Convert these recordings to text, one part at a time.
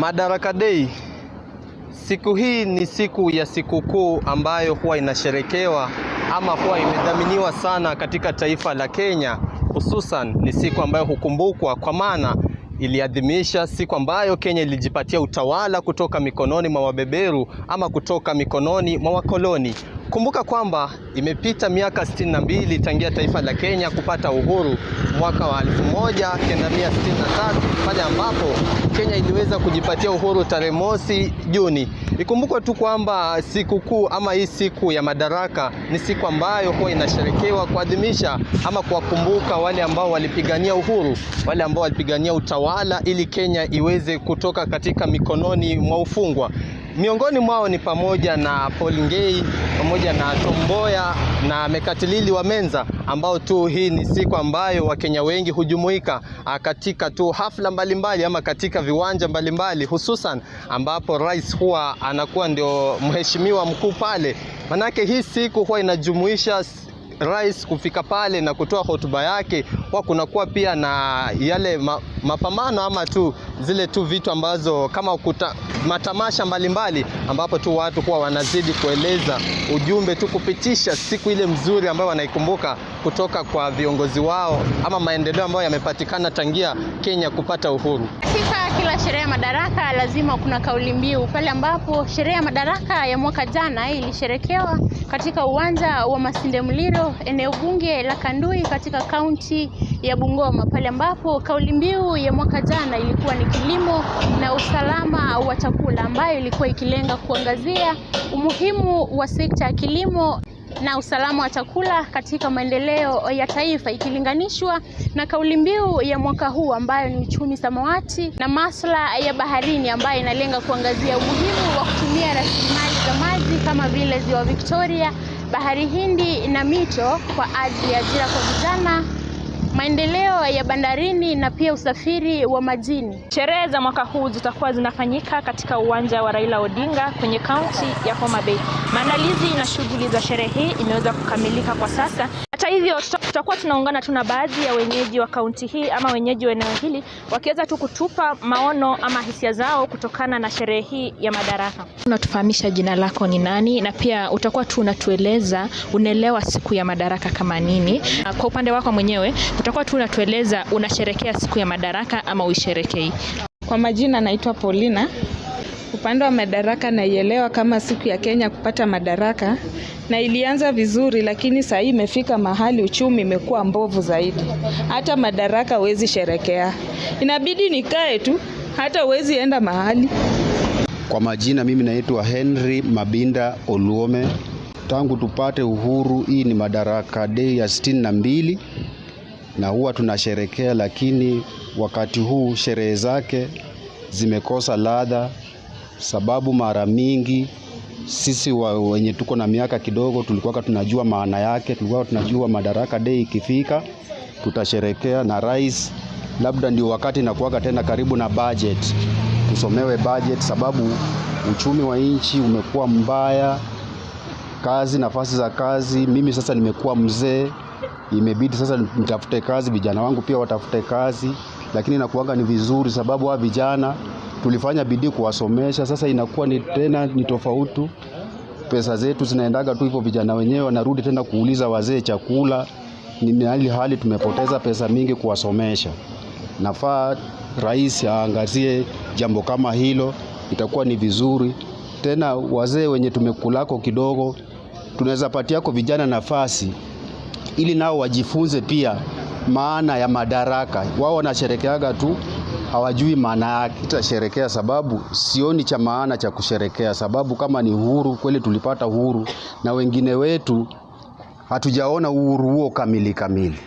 Madaraka Day. Siku hii ni siku ya sikukuu ambayo huwa inasherekewa ama huwa imedhaminiwa sana katika taifa la Kenya. Hususan ni siku ambayo hukumbukwa kwa maana iliadhimisha siku ambayo Kenya ilijipatia utawala kutoka mikononi mwa wabeberu ama kutoka mikononi mwa wakoloni. Kumbuka kwamba imepita miaka 62 tangia taifa la Kenya kupata uhuru mwaka wa 1963 pale ambapo Kenya iliweza kujipatia uhuru tarehe mosi Juni. Ikumbukwe tu kwamba siku kuu ama hii siku ya Madaraka ni siku ambayo huwa inasherekewa kuadhimisha ama kuwakumbuka wale ambao walipigania uhuru, wale ambao walipigania utawala ili Kenya iweze kutoka katika mikononi mwa ufungwa. Miongoni mwao ni pamoja na Paulingei pamoja na Tomboya na Mekatilili wa Menza, ambao tu hii ni siku ambayo Wakenya wengi hujumuika ah, katika tu hafla mbalimbali mbali, ama katika viwanja mbalimbali mbali, hususan ambapo rais huwa anakuwa ndio mheshimiwa mkuu pale, manake hii siku huwa inajumuisha rais kufika pale na kutoa hotuba yake, kwa kunakuwa pia na yale ma, mapambano ama tu zile tu vitu ambazo kama kuta, matamasha mbalimbali mbali, ambapo tu watu kuwa wanazidi kueleza ujumbe tu kupitisha siku ile mzuri ambayo wanaikumbuka kutoka kwa viongozi wao ama maendeleo ambayo yamepatikana tangia Kenya kupata uhuru. Katika kila sherehe ya madaraka lazima kuna kauli mbiu. Pale ambapo sherehe ya madaraka ya mwaka jana ilisherekewa katika uwanja wa Masinde Muliro, eneo bunge la Kandui katika kaunti ya Bungoma, pale ambapo kauli mbiu ya mwaka jana ilikuwa ni kilimo na usalama wa chakula, ambayo ilikuwa ikilenga kuangazia umuhimu wa sekta ya kilimo na usalama wa chakula katika maendeleo ya taifa ikilinganishwa na kauli mbiu ya mwaka huu ambayo ni uchumi samawati na masuala ya baharini ambayo inalenga kuangazia umuhimu wa kutumia rasilimali za maji kama vile Ziwa Victoria, Bahari Hindi na mito kwa ajili ya ajira kwa vijana maendeleo ya bandarini na pia usafiri wa majini. Sherehe za mwaka huu zitakuwa zinafanyika katika uwanja wa Raila Odinga kwenye kaunti ya Homa Bay. Maandalizi na shughuli za sherehe hii imeweza kukamilika kwa sasa hivyo tutakuwa tunaungana tuna baadhi ya wenyeji wa kaunti hii ama wenyeji wa eneo hili wakiweza tu kutupa maono ama hisia zao kutokana na sherehe hii ya Madaraka. Unatufahamisha jina lako ni nani, na pia utakuwa tu unatueleza unaelewa siku ya Madaraka kama nini? Kwa upande wako mwenyewe utakuwa tu unatueleza unasherekea siku ya Madaraka ama uisherekei? Kwa majina naitwa Paulina Upande wa madaraka naielewa kama siku ya Kenya kupata madaraka na ilianza vizuri, lakini saa hii imefika mahali uchumi imekuwa mbovu zaidi, hata madaraka huwezi sherekea, inabidi nikae tu, hata huwezi enda mahali. Kwa majina, mimi naitwa Henry Mabinda Oluome. Tangu tupate uhuru, hii ni madaraka dei ya sitini na mbili na huwa tunasherekea, lakini wakati huu sherehe zake zimekosa ladha sababu mara mingi sisi wa, wenye tuko na miaka kidogo tulikuwa tunajua maana yake, tulikuwa tunajua Madaraka Day ikifika tutasherekea na rais, labda ndio wakati nakuaga tena karibu na budget, tusomewe budget, sababu uchumi wa nchi umekuwa mbaya, kazi, nafasi za kazi. Mimi sasa nimekuwa mzee, imebidi sasa nitafute kazi, vijana wangu pia watafute kazi, lakini nakuaga ni vizuri sababu wa vijana tulifanya bidii kuwasomesha. Sasa inakuwa ni tena ni tofauti, pesa zetu zinaendaga tu hivyo, vijana wenyewe wanarudi tena kuuliza wazee chakula. Ni hali hali tumepoteza pesa mingi kuwasomesha. Nafaa rais aangazie jambo kama hilo, itakuwa ni vizuri tena. Wazee wenye tumekulako kidogo, tunaweza patiako vijana nafasi ili nao wajifunze pia maana ya madaraka. Wao wanasherekeaga tu hawajui maana yake. Tutasherekea sababu sioni cha maana cha kusherekea, sababu kama ni uhuru kweli tulipata uhuru, na wengine wetu hatujaona uhuru huo kamili kamili.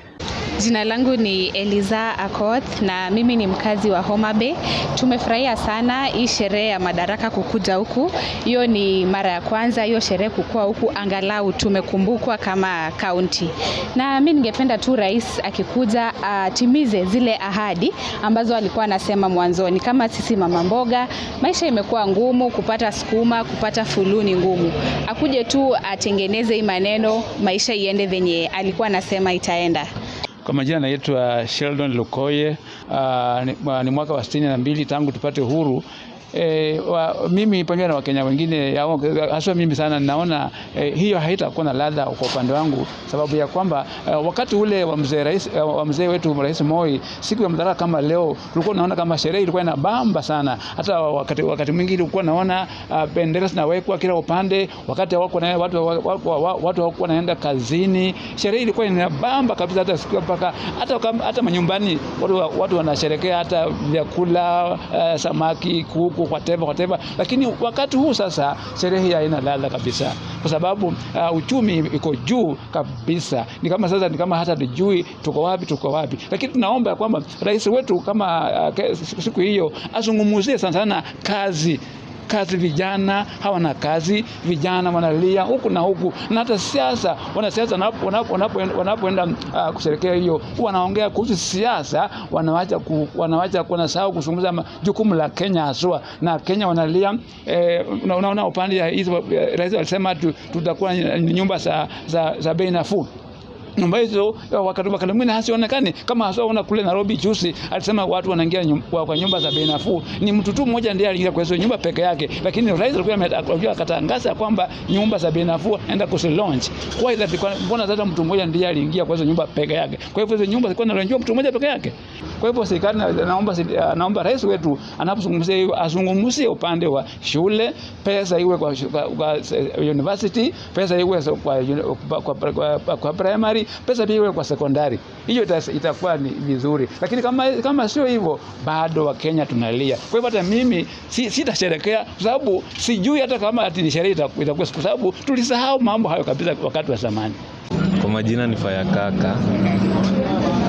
Jina langu ni Eliza Akoth na mimi ni mkazi wa Homa Bay. Tumefurahia sana hii sherehe ya Madaraka kukuja huku. Hiyo ni mara ya kwanza hiyo sherehe kukua huku, angalau tumekumbukwa kama kaunti, na mimi ningependa tu rais akikuja atimize zile ahadi ambazo alikuwa anasema mwanzoni. Kama sisi mama mboga, maisha imekuwa ngumu, kupata sukuma, kupata fuluni ngumu. Akuje tu atengeneze hii maneno, maisha iende venye alikuwa anasema itaenda. Kwa majina naitwa Sheldon Lukoye. Uh, ni, ah, ni mwaka wa sitini na mbili tangu tupate uhuru eh, wa, mimi pamoja na Wakenya wengine hasa mimi sana naona eh, hiyo haitakuwa na ladha kwa upande wangu, sababu ya kwamba eh, wakati ule wa mzee rais eh, wa mzee wetu Rais Moi, siku ya madaraka kama leo, tulikuwa naona kama sherehe ilikuwa inabamba sana. Hata wakati, wakati mwingine ilikuwa naona uh, ah, bendera zinawekwa kila upande, wakati wako na watu wako watu wako naenda kazini, sherehe ilikuwa inabamba kabisa, hata siku mpaka hata hata manyumbani watu, watu wanasherekea hata vyakula uh, samaki kuku sikukuu, whatever whatever. Lakini wakati huu sasa sherehe hii haina ladha kabisa, kwa sababu uh, uchumi iko juu kabisa. Ni kama sasa ni kama hata tujui tuko wapi, tuko wapi. Lakini tunaomba kwamba rais wetu kama uh, siku hiyo azungumuzie sana sana kazi kazi, vijana hawana kazi, vijana wanalia huku na huku, na hata siasa, wanasiasa wanapoenda uh, kusherekea hiyo, wanaongea kuhusu siasa, wanawacha ku, wanawacha sawa kuzungumza jukumu la Kenya haswa, na Kenya wanalia eh, unaona upande hizo eh, rais alisema tutakuwa nyumba za, za, za bei nafuu nyumba hizo eh, wakati mwingine hasionekani kama haswa. kule Nairobi juzi alisema watu wanaingia nyumba, kwa nyumba za bei nafuu. Ni mtu tu mmoja ndiye aliingia kwa hizo nyumba peke yake, lakini rais alikuwa akatangaza kwamba nyumba za bei nafuu anaenda kuzi launch. Kwa hiyo mbona sasa mtu mmoja ndiye aliingia kwa hizo nyumba peke yake? Kwa hivyo hizo nyumba zilikuwa na mtu mmoja peke yake. Kwa hivyo serikali naomba, eh, naomba rais wetu anapozungumzia hiyo azungumzie upande wa shule, pesa iwe kwa, kwa, kwa eh, university, pesa iwe kwa, kwa, kwa, kwa, kwa primary, pesa pia iwe kwa sekondari. Hiyo itakuwa ni vizuri, lakini kama, kama sio hivyo bado Wakenya tunalia. Kwa hivyo hata mimi sitasherekea kwa sababu sijui hata kama ati ni sherehe itakuwa, kwa sababu tulisahau mambo hayo kabisa wakati wa zamani. Kwa majina ni Faya Kaka.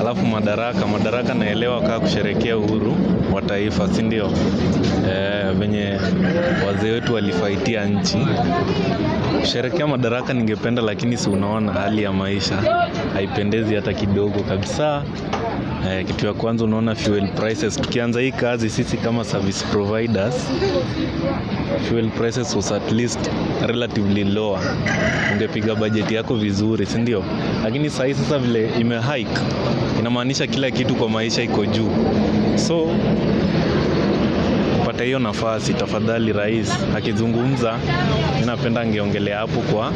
Alafu madaraka, madaraka naelewa kaa kusherekea uhuru wa taifa, si ndio? E, venye wazee wetu walifaitia nchi kusherekea madaraka ningependa, lakini si unaona hali ya maisha haipendezi hata kidogo kabisa. Eh, kitu ya kwanza unaona fuel prices. Tukianza hii kazi sisi kama service providers, fuel prices was at least relatively lower. Ungepiga bajeti yako vizuri, si ndio? Lakini saa hii sasa vile ime hike inamaanisha kila kitu kwa maisha iko juu. So pata hiyo nafasi, tafadhali rais akizungumza, ninapenda angeongelea hapo kwa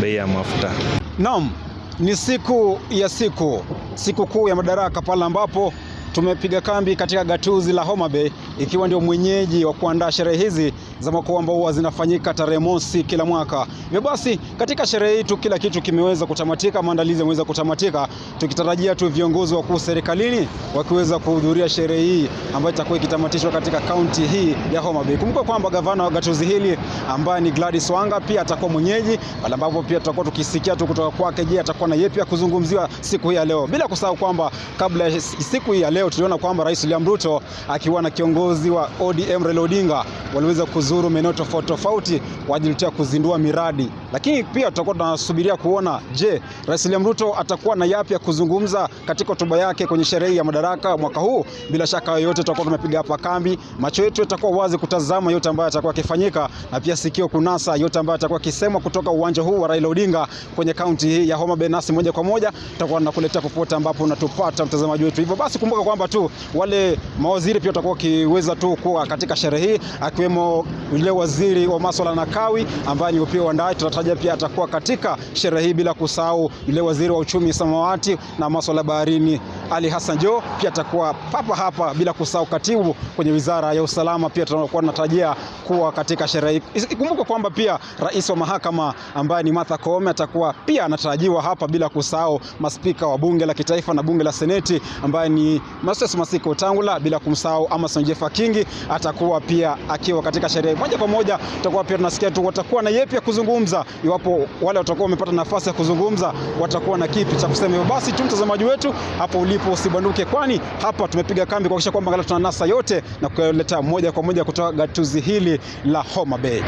bei ya mafuta. Naam. Ni siku ya siku sikukuu ya Madaraka, pale ambapo tumepiga kambi katika gatuzi la Homa Bay, ikiwa ndio mwenyeji wa kuandaa sherehe hizi za makoa ambao huwa zinafanyika tarehe mosi kila mwaka. Hivyo basi katika sherehe hii tu kila kitu kimeweza kutamatika, maandalizi yameweza kutamatika, tukitarajia tu viongozi wakuu serikalini wakiweza kuhudhuria sherehe hii ambayo itakuwa ikitamatishwa katika kaunti hii ya Homa Bay. Kumbuka kwamba gavana wa gatuzi hili ambaye ni Gladys Wanga pia atakuwa mwenyeji, pale ambapo pia tutakuwa tukisikia tu kutoka kwake, je, atakuwa na yeye pia kuzungumziwa siku hii ya leo, bila kusahau kwamba kabla ya siku hii ya leo tuliona kwamba Rais William Ruto akiwa na kiongozi wa ODM Raila Odinga waliweza kuzuru maeneo tofauti tofauti kwa ajili ya kuzindua miradi lakini pia tutakuwa tunasubiria kuona, je, Rais William Ruto atakuwa na yapi ya kuzungumza katika hotuba yake kwenye sherehe ya madaraka mwaka huu. Bila shaka yoyote, tutakuwa tumepiga hapa kambi, macho yetu yatakuwa wazi kutazama yote ambayo atakuwa akifanyika, na pia sikio kunasa yote ambayo atakuwa akisema kutoka uwanja huu wa Raila Odinga kwenye kaunti hii ya Homa Bay. Nasi moja kwa moja tutakuwa tunakuletea popote ambapo unatupata mtazamaji wetu. Hivyo basi, kumbuka kwamba tu wale mawaziri pia watakuwa wakiweza tu kuwa katika sherehe hii, akiwemo yule waziri wa masuala na kawi ambaye ni upia ndani Ametaja pia atakuwa katika sherehe hii, bila kusahau yule waziri wa uchumi samawati na masuala baharini ali Hassan Jo pia atakuwa papa hapa, bila kusahau katibu kwenye wizara ya usalama, pia tunakuwa tunatarajia kuwa katika sherehe. hii. Ikumbuke kwamba pia rais wa mahakama ambaye ni Martha Koome atakuwa pia anatarajiwa hapa, bila kusahau maspika wa bunge la kitaifa na bunge la seneti ambaye ni Moses Masika Wetangula, bila kumsahau Amason Jeffa Kingi atakuwa pia akiwa katika sherehe moja kwa moja. Tutakuwa pia tunasikia tu watakuwa na yeye pia kuzungumza, iwapo wale watakuwa wamepata nafasi ya kuzungumza watakuwa na kipi cha kusema. Basi tu mtazamaji wetu hapo ulipo ndipo usibanduke, kwani hapa tumepiga kambi kuhakikisha kwamba angalau tunanasa yote na kuleta moja kwa moja kutoka gatuzi hili la Homa Bay.